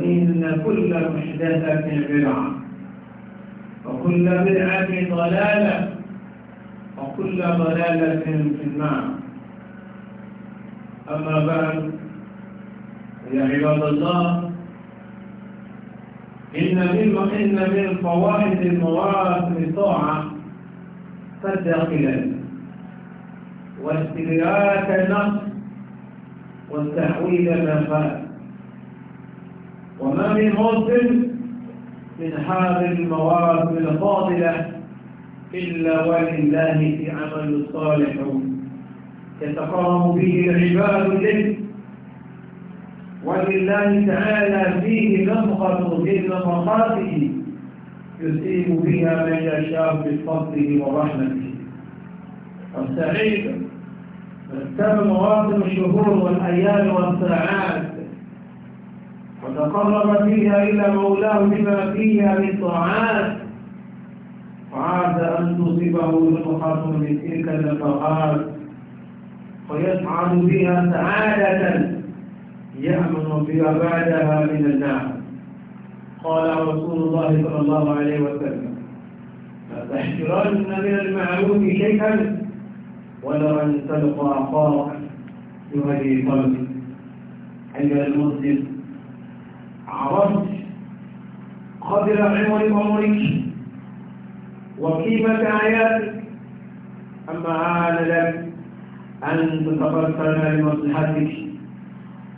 فإن كل محدثة بدعة وكل بدعة ضلالة وكل ضلالة في النار أما بعد يا عباد الله إن من إن من فوائد الموارث الطاعة فالداخل واستدراك النفس والتحويل المفاد وما من موسم من هذه المواسم الفاضلة إلا ولله في عمل صالح يتقام به العباد له ولله تعالى فيه نفقة من نفقاته يسيب بها من يشاء بفضله ورحمته والسعيد فاستمر مواسم الشهور والأيام والساعات وتقرب فيها إلى مولاه بما فيها من طاعات وعاد أن تصيبه نفحة من تلك النفحات ويسعد بها سعادة يأمن بها بعدها من النار قال رسول الله صلى الله عليه وسلم لا من المعروف شيئا ولو أن تلقى أخاك يهدي قلبك أيها المسلم عرفت قدر عمر عمرك وقيمة حياتك أما آن لك أن تتبصر لمصلحتك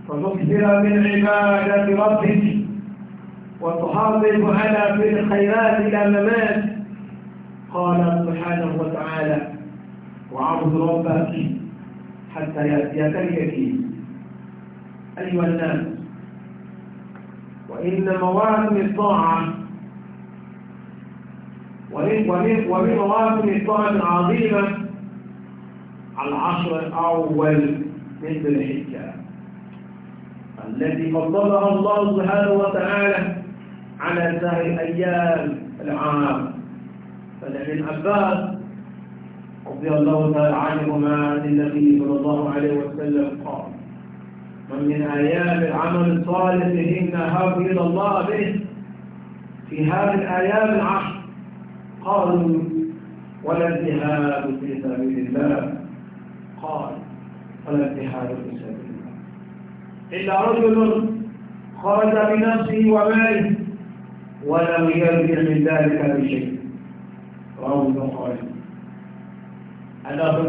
وتكثر من عبادة ربك وتحافظ على في الخيرات إلى ممات قال سبحانه وتعالى وعبد ربك حتى يأتيك اليقين أيها الناس وإن مواسم الطاعة ومن ومن مواسم الطاعة العظيمة العشر الأول من ذي الحجة التي فضلها الله سبحانه وتعالى على سائر أيام العام فلعن عباس رضي الله تعالى عنهما للنبي صلى الله عليه وسلم قال ومن آيات العمل الصالح إنها إلى الله به في هذه الآيات العشر قالوا ولا الجهاد في سبيل الله قال ولا الجهاد في سبيل الله إلا رجل خرج بنفسه وماله ولم يرجع من ذلك بشيء رواه البخاري هذا في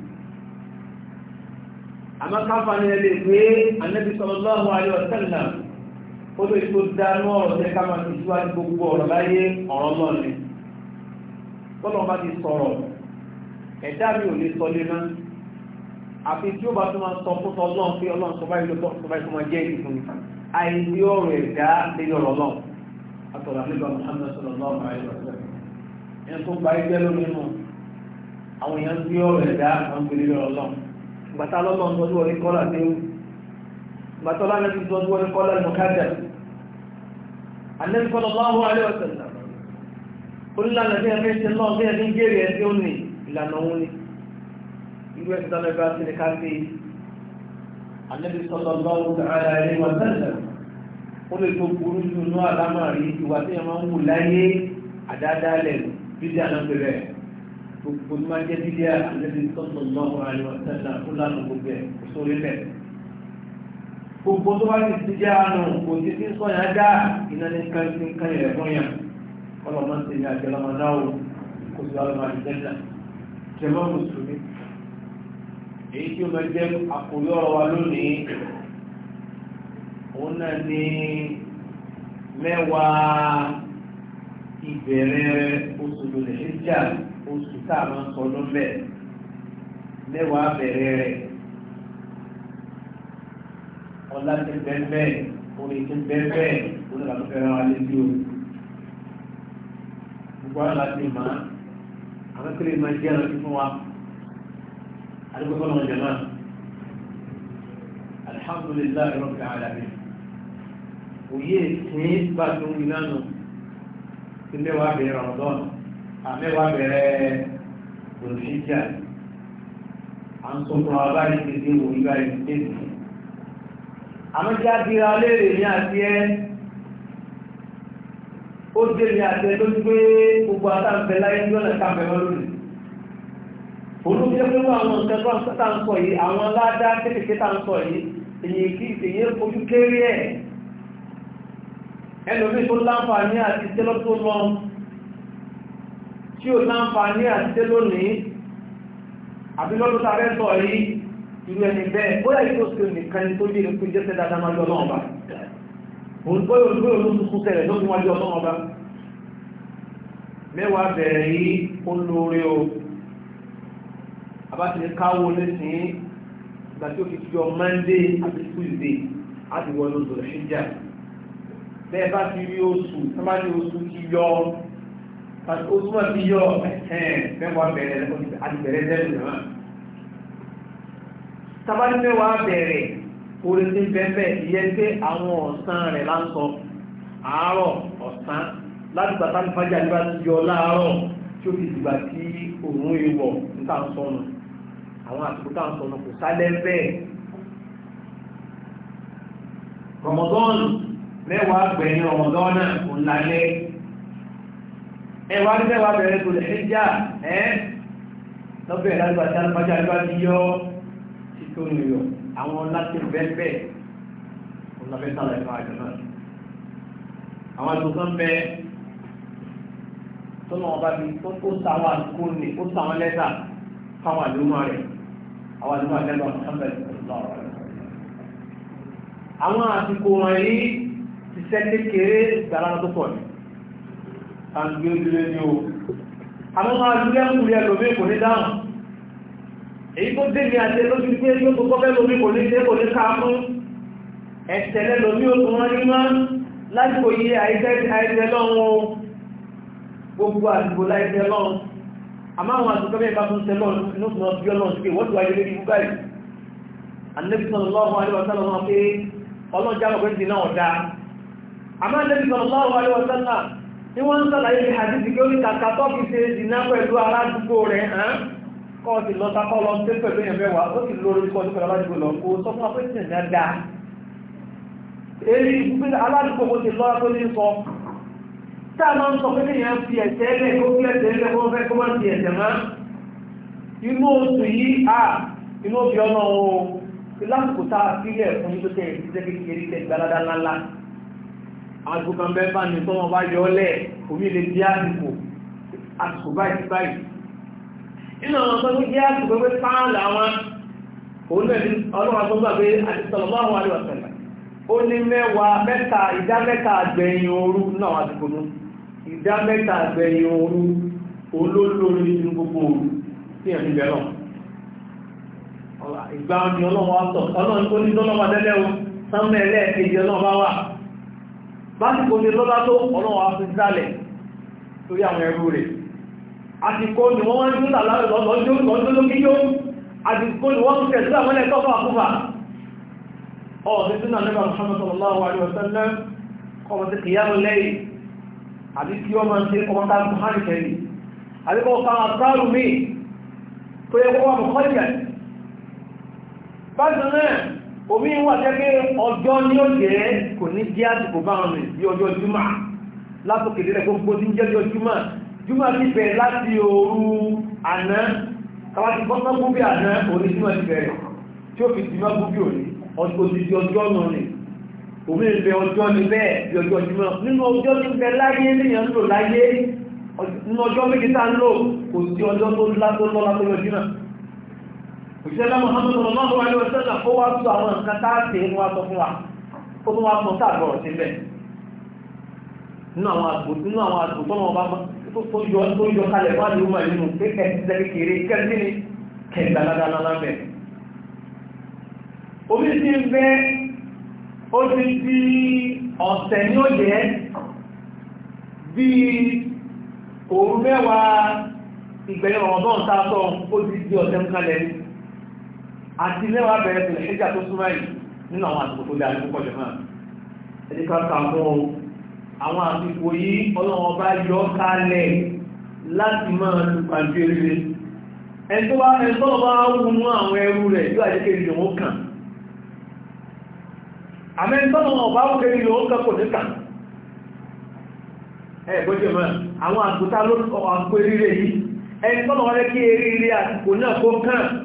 àmọ́ káfà ní ẹlẹ́ pé anábì sallallahu alaihi wasallam ó lè tó dánú ọ̀rọ̀ tẹ́ ká máa ti síwájú gbogbo ọ̀rọ̀ láyé ọ̀rọ̀ náà ni tọ́lọ̀ bá ti sọ̀rọ̀ ẹ̀dá mi ò lè sọ lé náà àfi tí ó bá tó máa sọ fún ọlọ́run pé ọlọ́run tó bá yìí lọ́tọ́ tó bá yìí tó máa jẹ́ ìfún àìsí ọ̀rọ̀ ẹ̀dá lórí ọ̀rọ̀ náà àtọ̀rọ̀ àlejò Muhammad sallallahu bàtà lọ́lọ́ ń tọ́jú orí kọ́lá déwù bàtà ọlá nẹ́bí tọ́jú orí kọ́lá mọ̀kájà anẹ́bí kọ́lá bá wọ́n alẹ́ ọ̀sẹ̀lá onílànà bí ẹni ṣe náà bí ẹni gèrè ẹ tí ó ní ìlànà òun ni irú ẹ̀sìn tọ́lá ẹgbẹ́ àti ẹ̀ká sí anẹ́bí sọ́lọ́ bá wọ́n tààrà ẹni wọ́n tẹ́lẹ̀ ó lè tó burú jù ní àlámà rí ìwà tí ẹ máa ń wù láyé àdáadáa lẹ̀ bíbí àná gbogbo ní máa jẹ́ dídí àlẹ́bí tọ́tọ̀ lọ́wọ́ àlùwàtẹ́là kó lánà gbogbo ẹ̀ kó sórí lẹ̀. gbogbo tó bá ti dídí àánú kò sí sí sọ́yà dá iná ní kan sí kan yẹ̀ fún yàn kọ́lọ̀ máa ń tẹ̀lé àjẹ́ lọ́mọ náà o kó sì lọ́wọ́ àlùwàtẹ́là jẹ́mọ́ mùsùlùmí. èyí tí ó máa jẹ́ àkórí ọ̀rọ̀ wa lónìí òun náà ní mẹ́wàá ìbẹ̀rẹ̀ oṣù lòlẹ̀ ṣíjà oṣù tá a máa ń sọ lọ́mẹ̀ mẹ́wàá bẹ̀rẹ̀ rẹ̀ ọlá ti bẹ́ẹ̀ orin ti bẹ́ẹ̀ orin làwọn fẹ́ràn wa létí o gbogbo àwọn láti mọ̀ àwọn kiri máa jẹ́ ẹran fífún wa àdúgbò kọ́nà ọ̀jọ̀ náà alhamdulilayi rabbil alamin òye ìsìn bá tó ń yín lánàá ti mẹ́wàá bẹ̀rẹ̀ ọ̀dọ́nù àmẹ́wàá bẹ̀rẹ̀ òṣìṣẹ́ à ń sọ fún àwọn báyìí ti dín òun ibà yìí tètè àmọ́ já dira léèrè ní àti ẹ́ ó dé ní àti ẹ́ lójú pé gbogbo àtàǹfẹ́ láyé ní ọ̀nà káfẹ́ wọn lónìí olùjẹ́ pé wọ́n àwọn nǹkan tó tá ń sọ yìí àwọn aládá kéèkéé tá ń sọ yìí èyí kí èyí fojú kéré ẹ̀ ẹlòmí tó láǹfààní àti tẹ́lọ́tò lọ́n tí ó láǹfààní àtijẹ́ lónìí àbí lọ́dún tààrẹ sọ yìí irú ẹni bẹ́ẹ̀ ó yẹ kó sí nìkan tó bí ìrìnkú jẹ́sẹ̀ dáadáa máa jọ náà bá olùgbóyò olùgbóyò ló tún kún tẹ̀lẹ̀ lọ́dún wájú ọ̀nà ọba mẹ́wàá bẹ̀rẹ̀ yìí ó lóore o abáṣe káwó lẹ́sìn ìgbà tí ó fi jọ Monday àti Tuesday á ti wọ inú Dhul Hijjah bẹ́ẹ̀ bá ti rí oṣù sábà ní oṣù ti yọ ó túmọ̀ sí yọ mẹ́wàá bẹ̀rẹ̀ àdìbẹ̀rẹ̀ lẹ́nu náà tábàdí mẹ́wàá bẹ̀rẹ̀ orí ti bẹ́ẹ̀ ìyẹn pé àwọn ọ̀sán rẹ̀ là ń sọ àárọ̀ ọ̀sán láti gbàtà nípájà nípa ti yọ láàárọ̀ tí ó fi dìgbà tí òun ìwọ̀ níta ń àwọn àsìkò ń sọnù kò sálẹ̀ bẹ́ẹ̀ rọmọdọ́ọ̀nù mẹ́wàá gbẹ̀yìn lálẹ́ ẹwà ní mẹ́wàá bẹ̀rẹ̀ tó lè ṣíjà ẹ́ lọ́bẹ̀ẹ́ lágbàtà lọ́pàá àgbàtà yọ títò nìyọ àwọn láti bẹ́ẹ̀bẹ́ ọ̀làbẹ́sàlẹ̀ ẹ̀fà àjọ̀nà àwọn àjọ̀kan bẹ tọ́nà ọba bí ó sàwọn àkókò ní ó sàwọn lẹ́tà fáwọn àdúmọ̀ rẹ̀ àwọn àdúmọ̀ àjẹ́lọ àwọn àsìkò wọ̀nyí ti sẹ́ kékeré ìgbàlára tó pọ̀ ní àgbẹ̀lẹ̀ ni ó àmọ́mọ́ àgbẹ̀lẹ̀ ẹlòmí kò ní dáhùn èyí tó dé ní àti lójú pé yóò tó kọ́fẹ́ lómi kò ní kò ní ká fún ẹ̀tẹ̀lẹ̀ lómi ó tún rí mọ́ láti kò yí àìsẹ́ lọ́wọ́ gbogbo àdìgbò láìsẹ́ lọ́wọ́ àmọ́ àwọn àti kọ́fẹ́ ìbá fún sẹ́lọ́ inú tó bí ọlọ́run sí pé wọ́n tó wáyé lórí ibú báyìí Ànábì sallallahu alaihi wasallam pé ọlọ́jà ọ̀gbẹ́ni náà ọ̀dá àmọ́ Ànábì sallallahu alaihi wasallam ní wọ́n ń sọ́láyé àdíjì kí ó ní kàkà tó fi ṣe ìdìná pẹ̀lú aládùúgbò rẹ̀ hàn kọ́ ti lọ sákọ́ lọ sí pẹ̀lú èèyàn mẹ́wàá ó sì lórí kọ́ sí pẹ̀lú aládùúgbò lọ kó sọ fún apẹ́sìn náà dáa èyí ìgbé aládùúgbò kò ti lọ́ra tó ní sọ tá a máa ń sọ pé èèyàn fi ẹ̀sẹ̀ ẹlẹ́ kó fi ẹ̀sẹ̀ ẹlẹ́ kó fẹ́ kó má fi ẹ̀sẹ̀ má inú oṣù yìí à inú òbí ọlọ́run lásìkò tá a sílẹ̀ fún yín tó tẹ̀ àgbòkan bẹ́ẹ̀ bá ní tọ́wọ́ bá yọ lẹ̀ omi lè di àsìkò àsìkò báyìí báyìí nínú àwọn ọ̀sán tó jẹ́ àsìkò pé páàlà wọn òun náà ní ọlọ́wà tó gbà pé àti sallallahu alaihi wasallam ó ní mẹ́wàá mẹ́ta ìdá mẹ́ta àgbẹ̀yìn òru náà àsìkò nù ìdá mẹ́ta àgbẹ̀yìn òru olólórí ní gbogbo òru sí ẹ̀mí bẹ́ẹ̀ náà ìgbà ọ̀nì ọlọ́wà tó ọlọ́wà tó ní básìkò ní lọ́lá tó ọlọ́wọ́ afẹ́sálẹ̀ torí àwọn ẹrú rẹ̀ àsìkò ni wọ́n wọ́n tún tàbí lọ́jọ́lókíjó àsìkò ni wọ́n tún tẹ̀sí àmọ́lẹ̀ tọ́fà àkúfà ọ̀sẹ̀ tí náà nígbà Muhammad sallallahu alaihi wasallam kọmọ ti kìyàmù lẹ́yìn àbí kí ọmọ ti ọmọ tàbí buhari kẹ́lì àbí kọ́ fa àtàrù mi tó yẹ kọ́ wà omi wà jẹ́ pé ọjọ́ ní ó jẹ́ kò ní jẹ́ àsìkò báwọn rìn bí ọjọ́ júmà látòkè délẹ̀ gbogbo tí ń jẹ́ ọjọ́ júmà júmà ti bẹ̀rẹ̀ láti òru àná káwàtí bọ́sán gúbí àná òní júmà ti bẹ̀rẹ̀ tí ó fi jùmá gúbí òní ọjọ́ ti di ọjọ́ nù rìn omi ń bẹ ọjọ́ ní bẹ́ẹ̀ bí ọjọ́ júmà nínú ọjọ́ ní bẹ láyé níyàn lò láyé nínú ọjọ́ méjì tá ń lò kò sí ọjọ́ tó lọ́lá tó yọjú òṣìṣẹ́lá Muhammad sallallahu alaihi wa sallam ó wá sọ àwọn nǹkan táàtì inú wa sọ fún wa ó tún wá sọ sáàbọ̀rọ̀ sí bẹ́ẹ̀ nínú àwọn àgbò nínú àwọn àgbò tọ́nà ọba tó yọ kalẹ̀ wá ní ọmọ ìlú pé ẹ̀sìnṣẹ́ kékeré kẹ́sí ni kẹ̀gbà ládàlá bẹ̀ omi ti ń bẹ́ ó ti di ọ̀sẹ̀ ní ó jẹ́ bí òun mẹ́wàá ìgbẹ̀yìn ọ̀rọ̀ náà ta sọ ó ti di ọ̀sẹ̀ ń kalẹ̀ ni àti lẹ́wà bẹ̀rẹ̀ tẹ̀lẹ̀ ṣíjà tó súnmọ́ yìí nínú àwọn àsìkò tó dáa ní púpọ̀ jọ̀mọ́ ẹni ká mọ́ àwọn àsìkò yìí ọlọ́run ọba yọ kalẹ̀ láti máa tupa ju eré ẹni bá ẹni bá wúnú àwọn ẹrú rẹ̀ yóò kàn bá kàn kò ní kàn mọ́ àwọn tá ló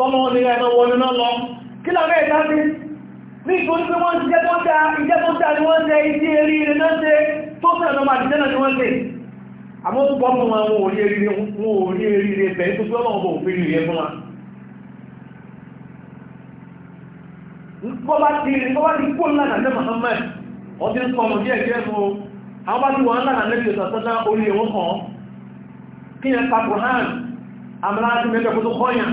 tọ́lọ́wọ́ ní ẹ̀nà wọlé náà lọ kí lọ rẹ̀ dábí ní ìtorí pé wọ́n jẹ́ tó dá ìjẹ́ tó dá ní wọ́n jẹ́ ìdí eré rẹ̀ náà jẹ́ tó fẹ́ lọ́mà ìjẹ́ náà ni wọ́n jẹ́ àmọ́ tó pọ́pù wọn wọn ò rí eré rẹ̀ bẹ̀ẹ́ tó fẹ́ lọ́wọ́ bò fi rí rẹ̀ fún wa bọ́bá ti kó lánàá ní Muhammad ọdí ń pọmọ díẹ̀ díẹ̀ fún àwọn bá ti wọ́n lánàá lẹ́bí ìtọ̀sọ́dá orí ẹ̀wọ́n kan kí yẹn pa Quran àmàlá ti mẹ́jọ kó tó kọ́yàn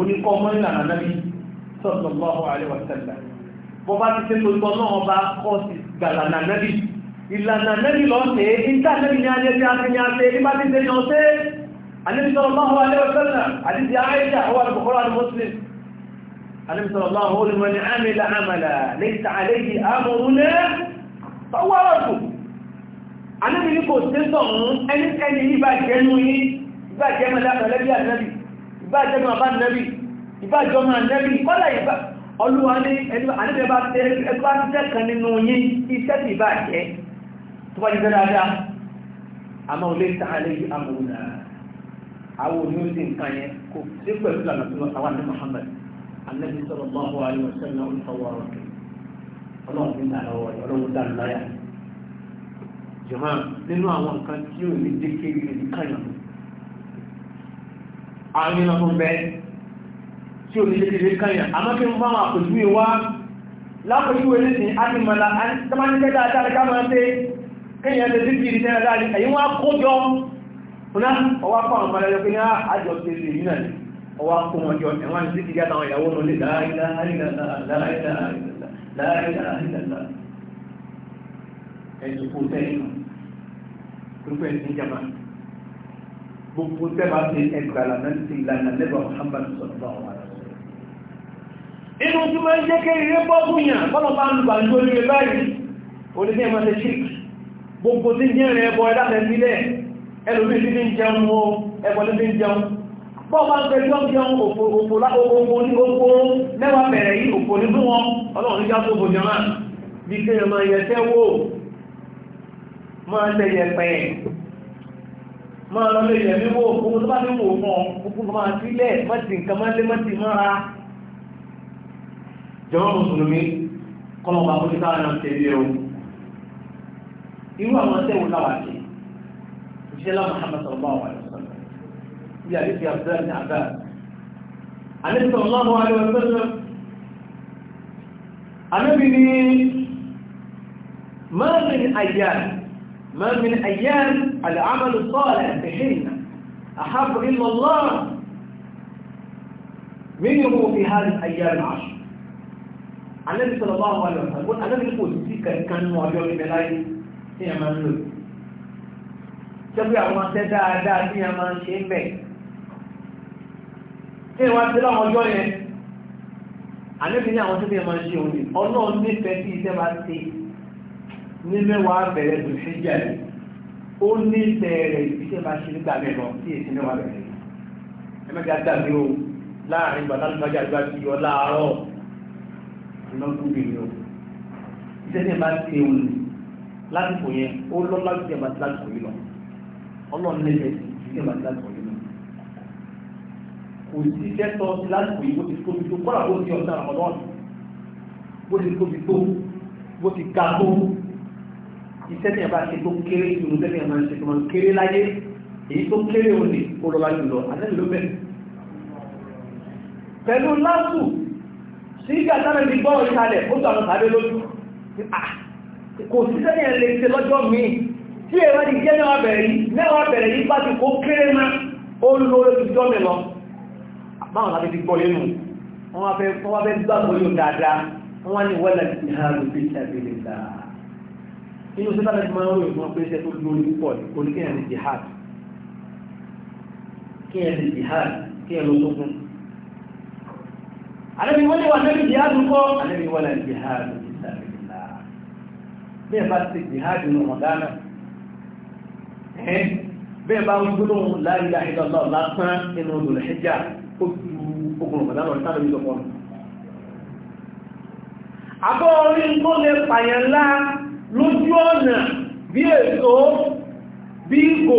oníkọ́ ọmọ ìlànà nábì sallallahu alaihi wasallam bọ́ bá ti ṣe tó gbọ́ náà ọba kọ́ sí gbàlànà nábì ìlànà nábì lọ sí ìta nábì ní ayé tí a ti ní a ṣe nípa ti ṣe yàn ṣe Ànábì sallallahu alaihi wasallam àdìsí àyíṣà ọwọ́ àdìbòkọ́rọ́ àti Muslim Ànábì sallallahu alaihi wasallam ni amila sí ìbájẹ́nu àbánẹ́bì ìbájọ́mọ ànẹ́bì kọ́lá ìbá ọlúwa ní àníbẹ̀bá ẹgbà tẹ́ kan nínú yí iṣẹ́ ti bá jẹ́ tó bá jẹ́ dáadáa àmọ́ olè tààlẹ̀ yìí amòrúnà àwọn oníwòsí nǹkan yẹn kò sí pẹ̀lú lànà tó Muhammad ànẹ́bì sọ̀rọ̀ bá wà ní ọ̀sẹ̀ náà ń fọwọ́ ọ̀rọ̀ ọlọ́run ní àlọ́wọ́ ọlọ́run àwọn iná tó ń bẹ tí ò ní ṣe kéde kányà àmọ́ kí n fáwọn àpèjúwe wá lápèjúwe nísìn ádìmọ̀lá tọ́mọ́nìkẹ́ dáadáa ká máa ṣe kéèyàn lè dídì ìdí náà dáadáa èyí wọ́n á kó jọ ọ̀nà ọwá kọ́ àwọn ọmọdé pé ní àjọ ṣe lè yí náà ọwá kó wọn jọ ẹ̀wọ́n ní dídì àtàwọn ìyàwó náà lè láàrín ẹ̀sùn kó tẹ́yìn náà gbogbo tẹ́bà ti ẹgbà lànàtì ìlànà lẹ́bà Muhammad sallallahu alaihi wasallam inú tí wọ́n jẹ́ kéré bọ́gúnyà bọ́lọ̀bá ń gbà lórí rẹ̀ báyìí oníní ẹ̀mọ́ ti ṣík gbogbo tí jẹ́ rẹ̀ ẹbọ ẹ̀dàtẹ̀sílẹ̀ ẹlòmí ti ń jẹun o ẹbọ ló ti ń jẹun bọ́ọ̀bá ń tẹ́jọ́ jẹun òfò lágbogbo ní gbogbo mẹ́wàá bẹ̀rẹ̀ yìí òfò ní fún wọn ọlọ́run ní jáde òfò jẹun bí kéèyàn máa yẹ tẹ́wọ́ máa tẹ̀yẹ pẹ̀ẹ́ máa lọ lè yẹ̀mí wò gbogbo tó bá ní wò fún ọ gbogbo máa sílẹ̀ mọ́tì nǹkan máa lé mọ́tì mọ́ra. jọ̀wọ́ mùsùlùmí kọ́lọ̀ bá bójú táwọn náà tẹ̀lé o irú àwọn tẹ̀wò láwà sí ìṣẹ́lá Muhammad sallallahu alaihi wasallam bí àdéhùn abdullahi abba àdéhùn sallallahu alaihi wasallam àdéhùn ni mọ́mìn ayán mọ́mìn ayán العمل الصالح بحين أحب إلا الله منه في هذه الأيام العشر النبي صلى الله عليه وسلم النبي يقول فيك كان موجود من لاي هي منزل tẹ́gbẹ́ àwọn tẹ́ dáadáa tí a máa ń ṣe ń bẹ̀. tí wọ́n ti láwọn ọjọ́ yẹn àníbi ní àwọn tẹ́gbẹ́ máa ń ṣe òní ọlọ́run nífẹ̀ẹ́ tí iṣẹ́ bá ti ní mẹ́wàá bẹ̀rẹ̀ tó ṣe jẹ́ rẹ̀ ó ní bẹ̀rẹ̀ ìbíṣẹ́ máa ṣe nígbà mẹ́lọ tí èsì mẹ́wàá bẹ̀rẹ̀ ẹ̀mẹ́ta dàbí o láàrin bàtà lùbájà lùbá ti yọ láàárọ̀ iná tó bèrè o iṣẹ́ tí ẹ bá ṣe òun lásìkò yẹn ó lọ́lá ju ẹ̀ bá ti lásìkò yìí lọ ọlọ́run lẹ́sẹ̀ ju ẹ̀ bá ti lásìkò yìí lọ kò sí iṣẹ́ tọ́ sí lásìkò yìí bó ti tóbi tó kọ́ra bó ti ọ̀sán ọ̀dọ́ bó ti tóbi tó bó ti ga tó iṣẹ́ ní ẹ̀bá ṣe tó kéré ìlú tẹ́lẹ̀ ẹ̀mà ṣe tó máa kéré láyé èyí tó kéré òun ni ó lọ́la jùlọ àtẹ́lẹ̀ ló bẹ̀rẹ̀ pẹ̀lú láàpù sí ìgbà sáré ní gbọ́ ìsàlẹ̀ ó sọ àwọn tàbí lójú kò sí sẹ́ni ẹ̀ lè ṣe lọ́jọ́ míì tí ẹ̀rọ ti jẹ́ mẹ́wàá bẹ̀rẹ̀ yìí mẹ́wàá bẹ̀rẹ̀ yìí bá ti kó kéré má ó lọ lójú jọ́ mi lọ báwọn láti ti gbọ́ yẹnu wọ́n wá fẹ́ gbàgbọ́ yóò dáadáa wọ́n wá ní wọ́lẹ̀ ìhàlù bí dáa inú sí láti máa ń rò ìmọ̀ pé iṣẹ́ tó lórí púpọ̀ oníkẹ́yàn ní jihad kíyàn ní jihad kíyàn ló tókun alẹ́bí wọ́n lè wà lẹ́bí jihad ńkọ́ alẹ́bí wọ́n lè jihad ní sàbẹ̀lá bẹ́ẹ̀ bá ti jihad ní ọ̀dánà bẹ́ẹ̀ bá ń gbóná láàrin àìdọ́lọ́ lásán nínú Dhul Hijjah ó ní ìjọpọ̀ lójú ọ̀nà bí èso bí ìgò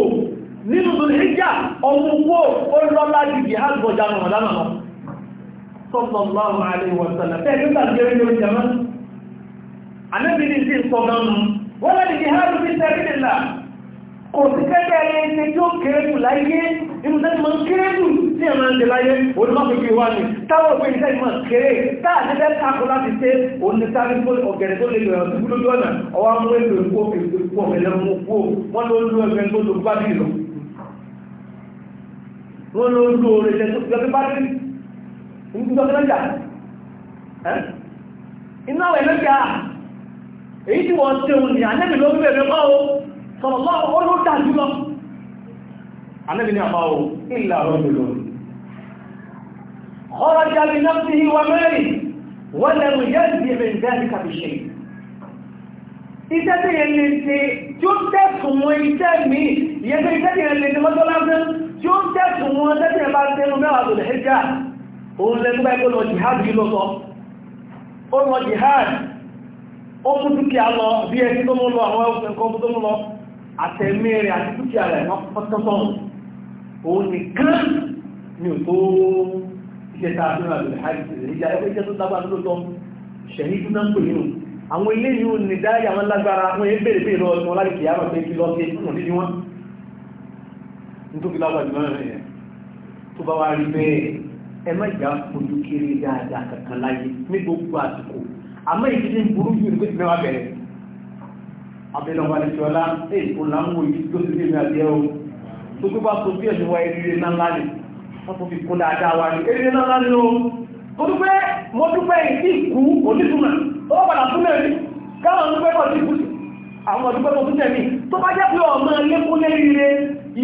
nínú tó ní ìjà ọmọkó ó lọ́lá jù bí á gbọ́jà rọ̀mọ̀dánà lọ sallallahu alaihi wa sallam tẹ́gbẹ́gbà jẹ́ orí orí jama anábìnrin sí ìsọ̀gbọ̀n wọn lẹ́ni jihadu kò sí kẹ́kẹ́ ẹni tí ó kéré jù láyé inú tẹ́lẹ̀ máa ń kéré jù sí ẹ̀rọ ẹ̀dẹ̀ láyé olùmọ́pẹ̀pẹ̀ wà ní táwọn òpin iṣẹ́ ìmọ̀ kéré táàtẹ́fẹ́ tako láti ṣe onítàrí ọ̀gẹ̀rẹ̀ tó lè lọ ẹ̀rọ tó lójú ọ̀nà ọwọ́ mú èlò ìpó ìpó ẹ̀lẹ́mú pó wọ́n ló lú ẹgbẹ́ tó lò bá bí lọ wọ́n ló lú oore jẹ tó gbẹ́ bá rí nígbà tó lọ́jà iná ẹ̀lẹ́gbẹ̀ẹ́ èyí tí wọ́n ṣe òun ní sọ̀rọ̀ láàrín ó ló dájú lọ anẹ́bì ní àpá o ìlà rọ́jù lọ ọ̀rọ̀ jàbí náà sí ìwà mẹ́rin wọ́n lẹ́nu yẹ́sì ẹ̀mẹ́ ìdẹ́ẹ̀dì kàbí ṣe iṣẹ́ tí yẹn lè ṣe tí ó tẹ̀sùn wọn iṣẹ́ mi ìyẹn tó iṣẹ́ tí yẹn lè ṣe lọ́jọ́ lásán tí ó tẹ̀sùn wọn iṣẹ́ tí yẹn bá tẹnu mẹ́wàá tó lè hẹ́jà òun lẹ́nu bá jihad yìí lọ́sọ ó lọ jihad ó mú àtẹ̀mí rẹ̀ àti dúkìá rẹ̀ wọ́n pọ́tọ́tọ́ òun nìkan ni ò tó iṣẹ́ tá a fi rà lórí àìsí ìjà ẹgbẹ́ iṣẹ́ tó lágbára tó tọ́ ṣẹ̀yìn tó náà ń pè nínú àwọn ilé yìí ò ní dáyà wọn lágbára wọn yẹn bèrè bèrè lọ́wọ́ wọn láti kìí àwọn pé kí lọ sí wọn ẹ má jà fojú kiri dáadáa kankan láyé ní gbogbo àsìkò àmọ́ ìdílé burú jù ní pé bẹ̀rẹ̀ abẹ́lọ́wà ní ṣọ́lá èyí kò lámú ìdí tó ti ní o tó bá tó bí ẹ̀sùn wa eré ńláńlá ni wọ́n tó fi kó dáadáa wa ní eré ńláńlá ni o mo dúpẹ́ mo dúpẹ́ ìdí ìkú onítùmọ̀ tó padà ní káwọn dúpẹ́ náà ti kú àwọn dúpẹ́ tó túnlẹ̀ ní tó bá jẹ́ pé ọmọ lẹ́kúnlé rire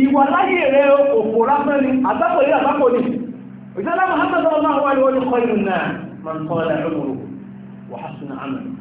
ìwà láyé rẹ òkò rápẹ́ ni àtàkòlé àtàkòlé ìjọba Muhammad sallallahu alaihi wa sallam kọ́ ìrìnà man qala umruhu wa hasuna amaluhu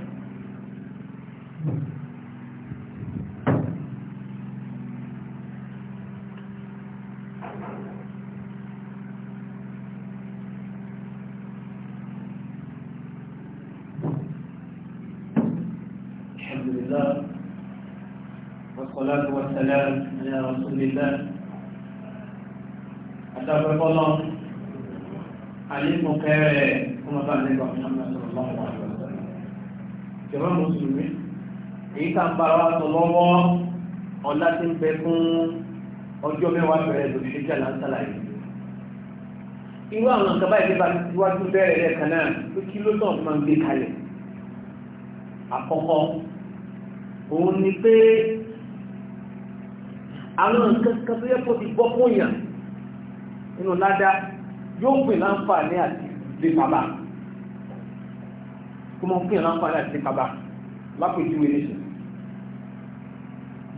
والسلام على رسول الله أتابع الله عليم كاره كما قال النبي محمد صلى الله عليه وسلم كما مسلمين èyí tá ń bára wa sọ lọ́wọ́ ọ̀la ti ń bẹ fún ọjọ́ mẹ́wàá bẹ̀rẹ̀ lórí ṣẹ́jà láńsàlà yìí. irú àwọn nǹkan báyìí nípa tíwájú bẹ̀rẹ̀ lẹ́ẹ̀kan náà pé kí ló tàn máa ń gbé kalẹ̀. àkọ́kọ́ òun ni pé àwọn nǹkan kan tó yẹ kó ti bọ́ fún yàn nínú ládá yóò pè láǹfààní àti lè bàbá kó mọ pè láǹfààní àti lè bàbá lápèjúwe nìṣẹ́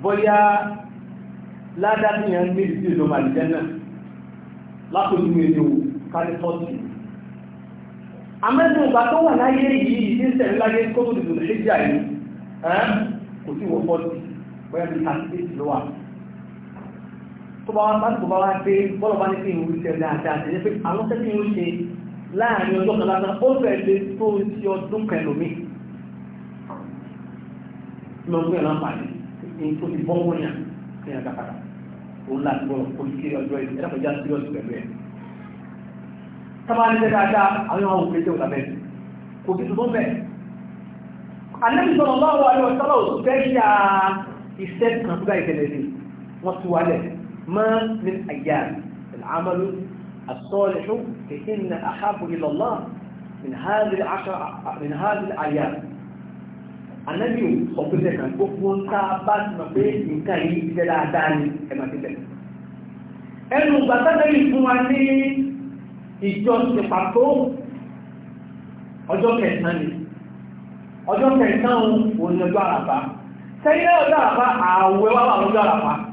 bóyá ládá tí yẹn ń méjì sí ìjọba àdìjẹ́ náà lápèjúwe ni o kárí fọ́ọ̀tì amẹ́sùn ìgbà tó wà láyé yìí ní sẹ̀rí láyé kó tó dìbò lè ṣe jà yìí kò sí wọ fọ́ọ̀tì bóyá bí kàṣíkì tó bá wá tó bá wá pé bọ́lọ̀ bá ní kí n wí tẹ̀ dáadáa tẹ̀lé pé àwọn tẹ́tí ń ṣe láàrin ọjọ́ kan lásán ó fẹ́ lè tó ti ọdún kan lómi lọ gbé ẹ̀rọ àpàdé ní tó ti bọ́ wọ́n yàn ní ẹ̀ka padà òun láti bọ̀ kó ti kiri ọjọ́ yìí ẹ̀rọ ìjà sí ọ̀sẹ̀ pẹ̀lú ẹ̀. sábà ní tẹ́lẹ̀ dáadáa àwọn àwọn òkè tẹ́wọ̀ lábẹ́ kò sí tuntun bẹ́ẹ̀. àlejò sọ̀rọ̀ báwo ayọ̀ sábà òṣìṣẹ́ yà iṣẹ́ kan tó bá ìtẹ̀lẹ̀ ni wọ́n ti wálẹ̀ ما من أيام العمل الصالح فإن أحب إلى الله من هذه العشر من هذه الأيام النبي صلى الله عليه وسلم يقول تعبت مبيت من كريم إلى الأعدان كما تقول ẹnu gbàtàkà yìí fún wa ní ìjọ ti pàtó ọjọ́ kẹsàn-án ni ọjọ́ kẹsàn-án òun ni ọjọ́ àràbá sẹ́yìn ọjọ́ àràbá ààwẹ̀ wà wà lọ́jọ́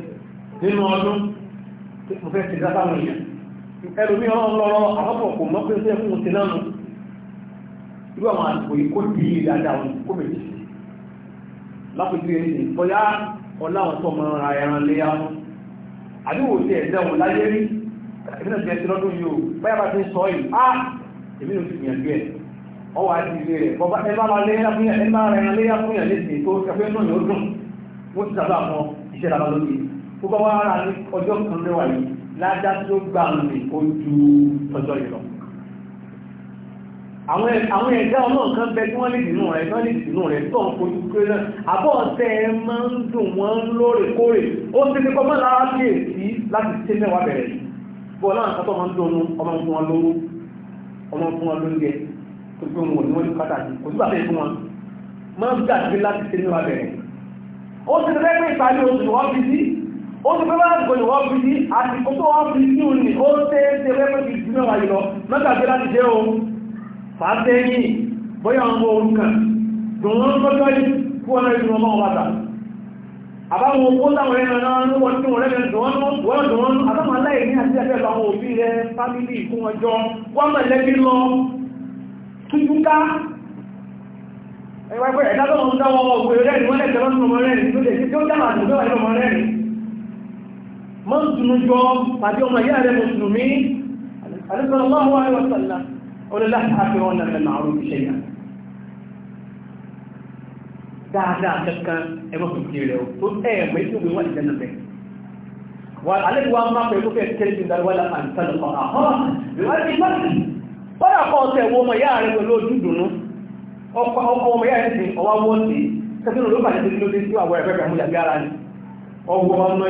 nínú ọdún mo fẹ́ ti dáta wọn yẹn ẹlòmí ọ̀rọ̀ lọ́rọ̀ àkọ́kọ́ kò mọ́ pé ṣé fún ti náà nù irú àwọn àgbò yìí kó di ìdájà wọn kó méjì sí lápẹjú ẹni bóyá ọláwọn tó mọ ara ẹran léyà wọn àdúgbò tí ẹ̀ dẹ́wọ̀n láyé rí ìbínú ti o báyà bá ti ń sọ yìí á èmi ló ti gbìyànjú ẹ̀ ọwọ́ àti ilé rẹ̀ bọ́bá ẹ bá lọ léyà fún yà ẹ bá rẹ̀ léyà fún yà lẹ́sìn tó kẹfẹ́ náà yóò dùn wọ́n ti sábà mọ tó bá wá rà ní ọjọ́ kan mẹ́wàá yìí ládá tí ó gbà ń rìn ó ju ọjọ́ yìí lọ. àwọn ẹ̀dá ọlọ́run kan bẹ tí wọ́n lè dìnnú rẹ̀ tí wọ́n lè dìnnú rẹ̀ tó ń fojú pé náà àbọ̀ ọ̀sẹ̀ ẹ máa ń dùn wọ́n lóòrèkóòrè ó ti fi kọ́mọ́ lára sí èsì láti ṣe mẹ́wàá bẹ̀rẹ̀ yìí bọ́ọ̀ náà sọ́tọ̀ máa ń dùn ọmọ fún wọn lóró ọmọ fún wọn lóúnjẹ tó gbé wọn ní wọ́n ní pàtàkì kò nígbà fẹ́ fún wọn máa ń gbàgbé láti ṣe mẹ́wàá bẹ̀rẹ̀ ó ti fẹ́ pé ìpàdé oṣù wọn fi sí ó ti fẹ́ bá láti gbòyìn wọ́n fi sí àti kókó wọ́n fi sí òun ní ó tẹ́ tẹ́ lẹ́pẹ́ fi sí mẹ́wàá yìí lọ mẹ́tàgbé láti jẹ́ o fàátẹ́yìn bóyá ọmọ orúkà dùn wọ́n lọ́jọ́ yìí kú ọ̀nà ìlú ọmọ ọ̀bàdà àbáwọn owó táwọn ẹ̀rọ náà ní wọ́n tí wọ́n rẹ̀ wọ́n dùn wọ́n àtàwọn aláìní àti ẹ̀fẹ́ lọ àwọn òbí rẹ̀ fámílì fún ọjọ́ wọ́n mẹ̀lẹ́bí lọ túnjúká ẹ̀wẹ̀gbẹ̀ ẹ̀dá tó ń dáwọ́ ọgbẹ̀rẹ̀ ni wọ́n lẹ́tẹ̀lọ́nà ọmọ rẹ̀ ni tó lè tí ó dáwà àdúgbò ẹ̀lọ́mọ rẹ̀ ni mọ́ dùnú jọ pàdé ọmọ ìyá rẹ̀ mùsùlùmí alẹ́sọ̀rọ̀láwọ̀ àríwọ̀sọ̀lá ọlọ́lá àfihàn náà lẹ́nà àrùn iṣẹ́ yà dáadáa kankan ẹgbẹ́ fòkè rẹ̀ tó ẹ̀ẹ̀mẹ́ tó gbé wà ìjẹ́ nàbẹ̀ wà alẹ́gbẹ̀wà máa pẹ̀lú fẹ́ kẹ́lẹ́ ti dáríwá lá àǹtàlọ́kọ̀ àhọ́ ìwádìí mọ́tì wọ́n àkọ́ ọ̀sẹ̀ wọ ọmọ ìyá rẹ̀ pẹ̀lú ojú dùnú ọkọ̀ ọmọ ìyá rẹ̀ ti ọwá wọ́ọ̀tì kẹ́sìnà ló bàjẹ́ tó lóde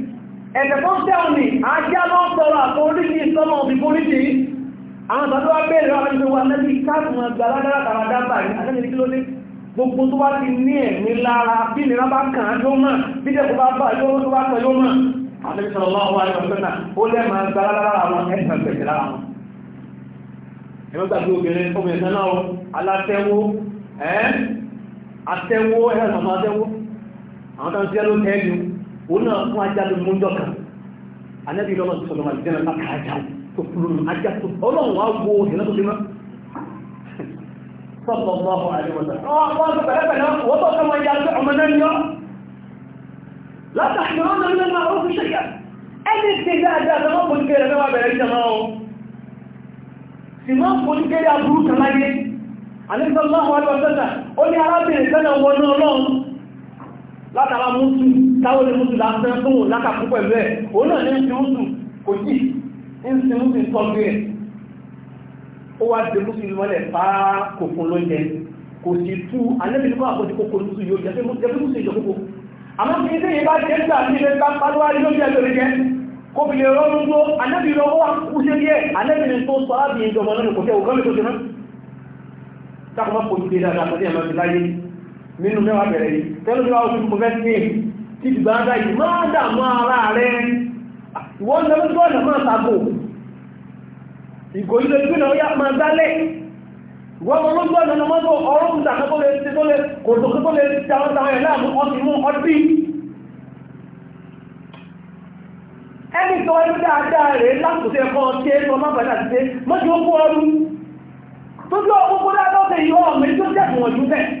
ẹ̀tẹ̀ tó tẹ́ọ̀ ní ajá lọ sọ́rọ̀ àkọ́ oríṣi ìsọ́mọ̀ òbí oríṣi àwọn tàbíwá bẹ̀rẹ̀ àwọn ìgbẹ̀wà lẹ́bí káàkùnmọ̀ gbàládára tàbádá báyìí adẹ́lẹ̀ kí ló ní gbogbo tó bá ti ní ẹ̀mí lára bí nira bá kàn án yóò máa bí jẹ́kù bá bá yóò tó bá kàn yóò máa àdébísọ̀lọ́wọ́ àìsànfẹ́nà ó lẹ́mà gbàládára àwọn ẹ̀sàn pẹ̀lẹ̀ lára wọn ẹ̀mọ́gbàgbé obìnrin obìnrin náà alátẹ́wó ẹ́ àtẹ́wó ẹ̀sàn àtẹ́wó àwọn tàbí òun náà fún ajá ló mú jọ́kà anábì lọ́nà tó sọ̀rọ̀ àti jẹ́nà láti ajá tó kúrò nù ajá tó ọlọ́run wá wo ìrìnà tó ti mọ́ sọ́pọ̀ ọmọ ọmọ àdéhùn ọ̀hún tó pẹ̀lẹ́ pẹ̀lẹ́ wọ́n tó sọmọ ìyá tó ọmọ náà yọ látàkì ọmọ náà máa ó fi ṣẹ́yà ẹni tí dáadáa tó máa fojú kéré mẹ́wàá bẹ̀rẹ̀ ìjọba o sì máa fojú kéré aburú kan láyé àníṣọ́ máa wà lọ́sẹ̀ta ó ní arábìnrin sẹ́nà wọnú ọlọ́run látara mú sùn táwọn lè mútu lásán fún òun lákàkú pẹ̀lú ẹ̀ òun náà ní ti mútu kò jì ń ti mútu tọ́jú ẹ̀ ó wá dé mútu ìlú mọ́lẹ̀ fá kò fún lóúnjẹ kò sì tú alẹ́bìnrin fún àkọsí kókó mútu yóò jẹ́ pé mútu ìjọ kókó àmọ́ kí ilé yìí bá jẹ́ gbà ní ilé bá pálọ́ àríyànjẹ́ lórí jẹ́ kó fi lè rọrùn tó alẹ́bìnrin ọwọ́ kúṣe díẹ̀ alẹ́bìnrin tó sọ ábìnrin ìjọba náà kò tẹ́ òkọ́ mi tó ṣe náà tákùnmọ́ kò ti dáadáa tó dé ẹ̀mọ́ ti láyé nínú mẹ́wàá bẹ̀rẹ̀ yìí tẹ́lú mẹ́wàá oṣù mo fẹ́ sí ti ìgbàdá yìí máa dàmú ara rẹ̀ wọ́n lọ sí ọ̀nà máa tàbò ìgò ilé ìgbìnà ó yá máa dálẹ̀ wọ́n mọ́ lójú ọ̀nà mọ́ tó ọrún ìdàkọ́ tó lè ti tó lè kò tó tó lè ti àwọn àwọn ẹ̀lá mú ọtí mú ọtí ẹni tó ẹni dáadáa rẹ̀ lákòóso ẹ̀kọ́ ọtí ẹ̀kọ́ má bàdà ti dé mọ́jú ó kú ọrún tó bí ọkùnkùn dáadáa ó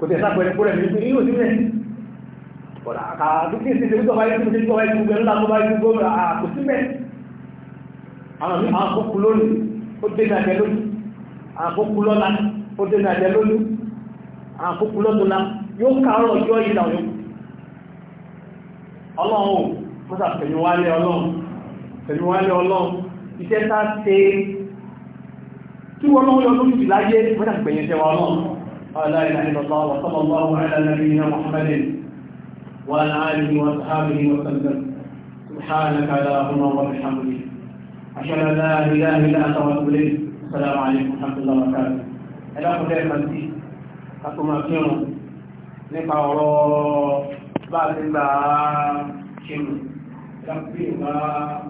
kò tẹ̀ sápẹ̀rẹ̀ kó rẹ̀ ní pé yóò sílẹ̀ ọ̀rọ̀ àkàdúkì sí ìṣẹ́lú tọ́ba yìí tó bá yìí gbẹ̀rún láti bá yìí gbọ́mọ̀ àkó sílẹ̀ àwọn mi àwọn kókù lónìí ó dé ní àjẹ lónìí àwọn kókù lọ́la ó dé ní àjẹ lónìí àwọn kókù lọ́tọ́la yóò kàárọ̀ ọjọ́ yìí làwọn yòókù ọlọ́run ò mọ́sà tẹ̀yìnwálé ọlọ́run tẹ̀yìnwálé ọlọ́run iṣẹ́ tá ṣe kí wọ́n lọ́wọ́ yọ lóṣù láyé mọ́sà tẹ̀yìn tẹ̀wọ̀ ọlọ́run قال لا اله الا الله وصلى الله على نبينا محمد وعلى اله واصحابه وسلم سبحانك اللهم وبحمدك اشهد ان لا اله الا انت واتوب السلام عليكم ورحمه الله وبركاته ẹlẹ́kùn tẹ́ ẹ̀kan sí kàtùmọ̀ kírùn nípa ọ̀rọ̀ bá ti gbà á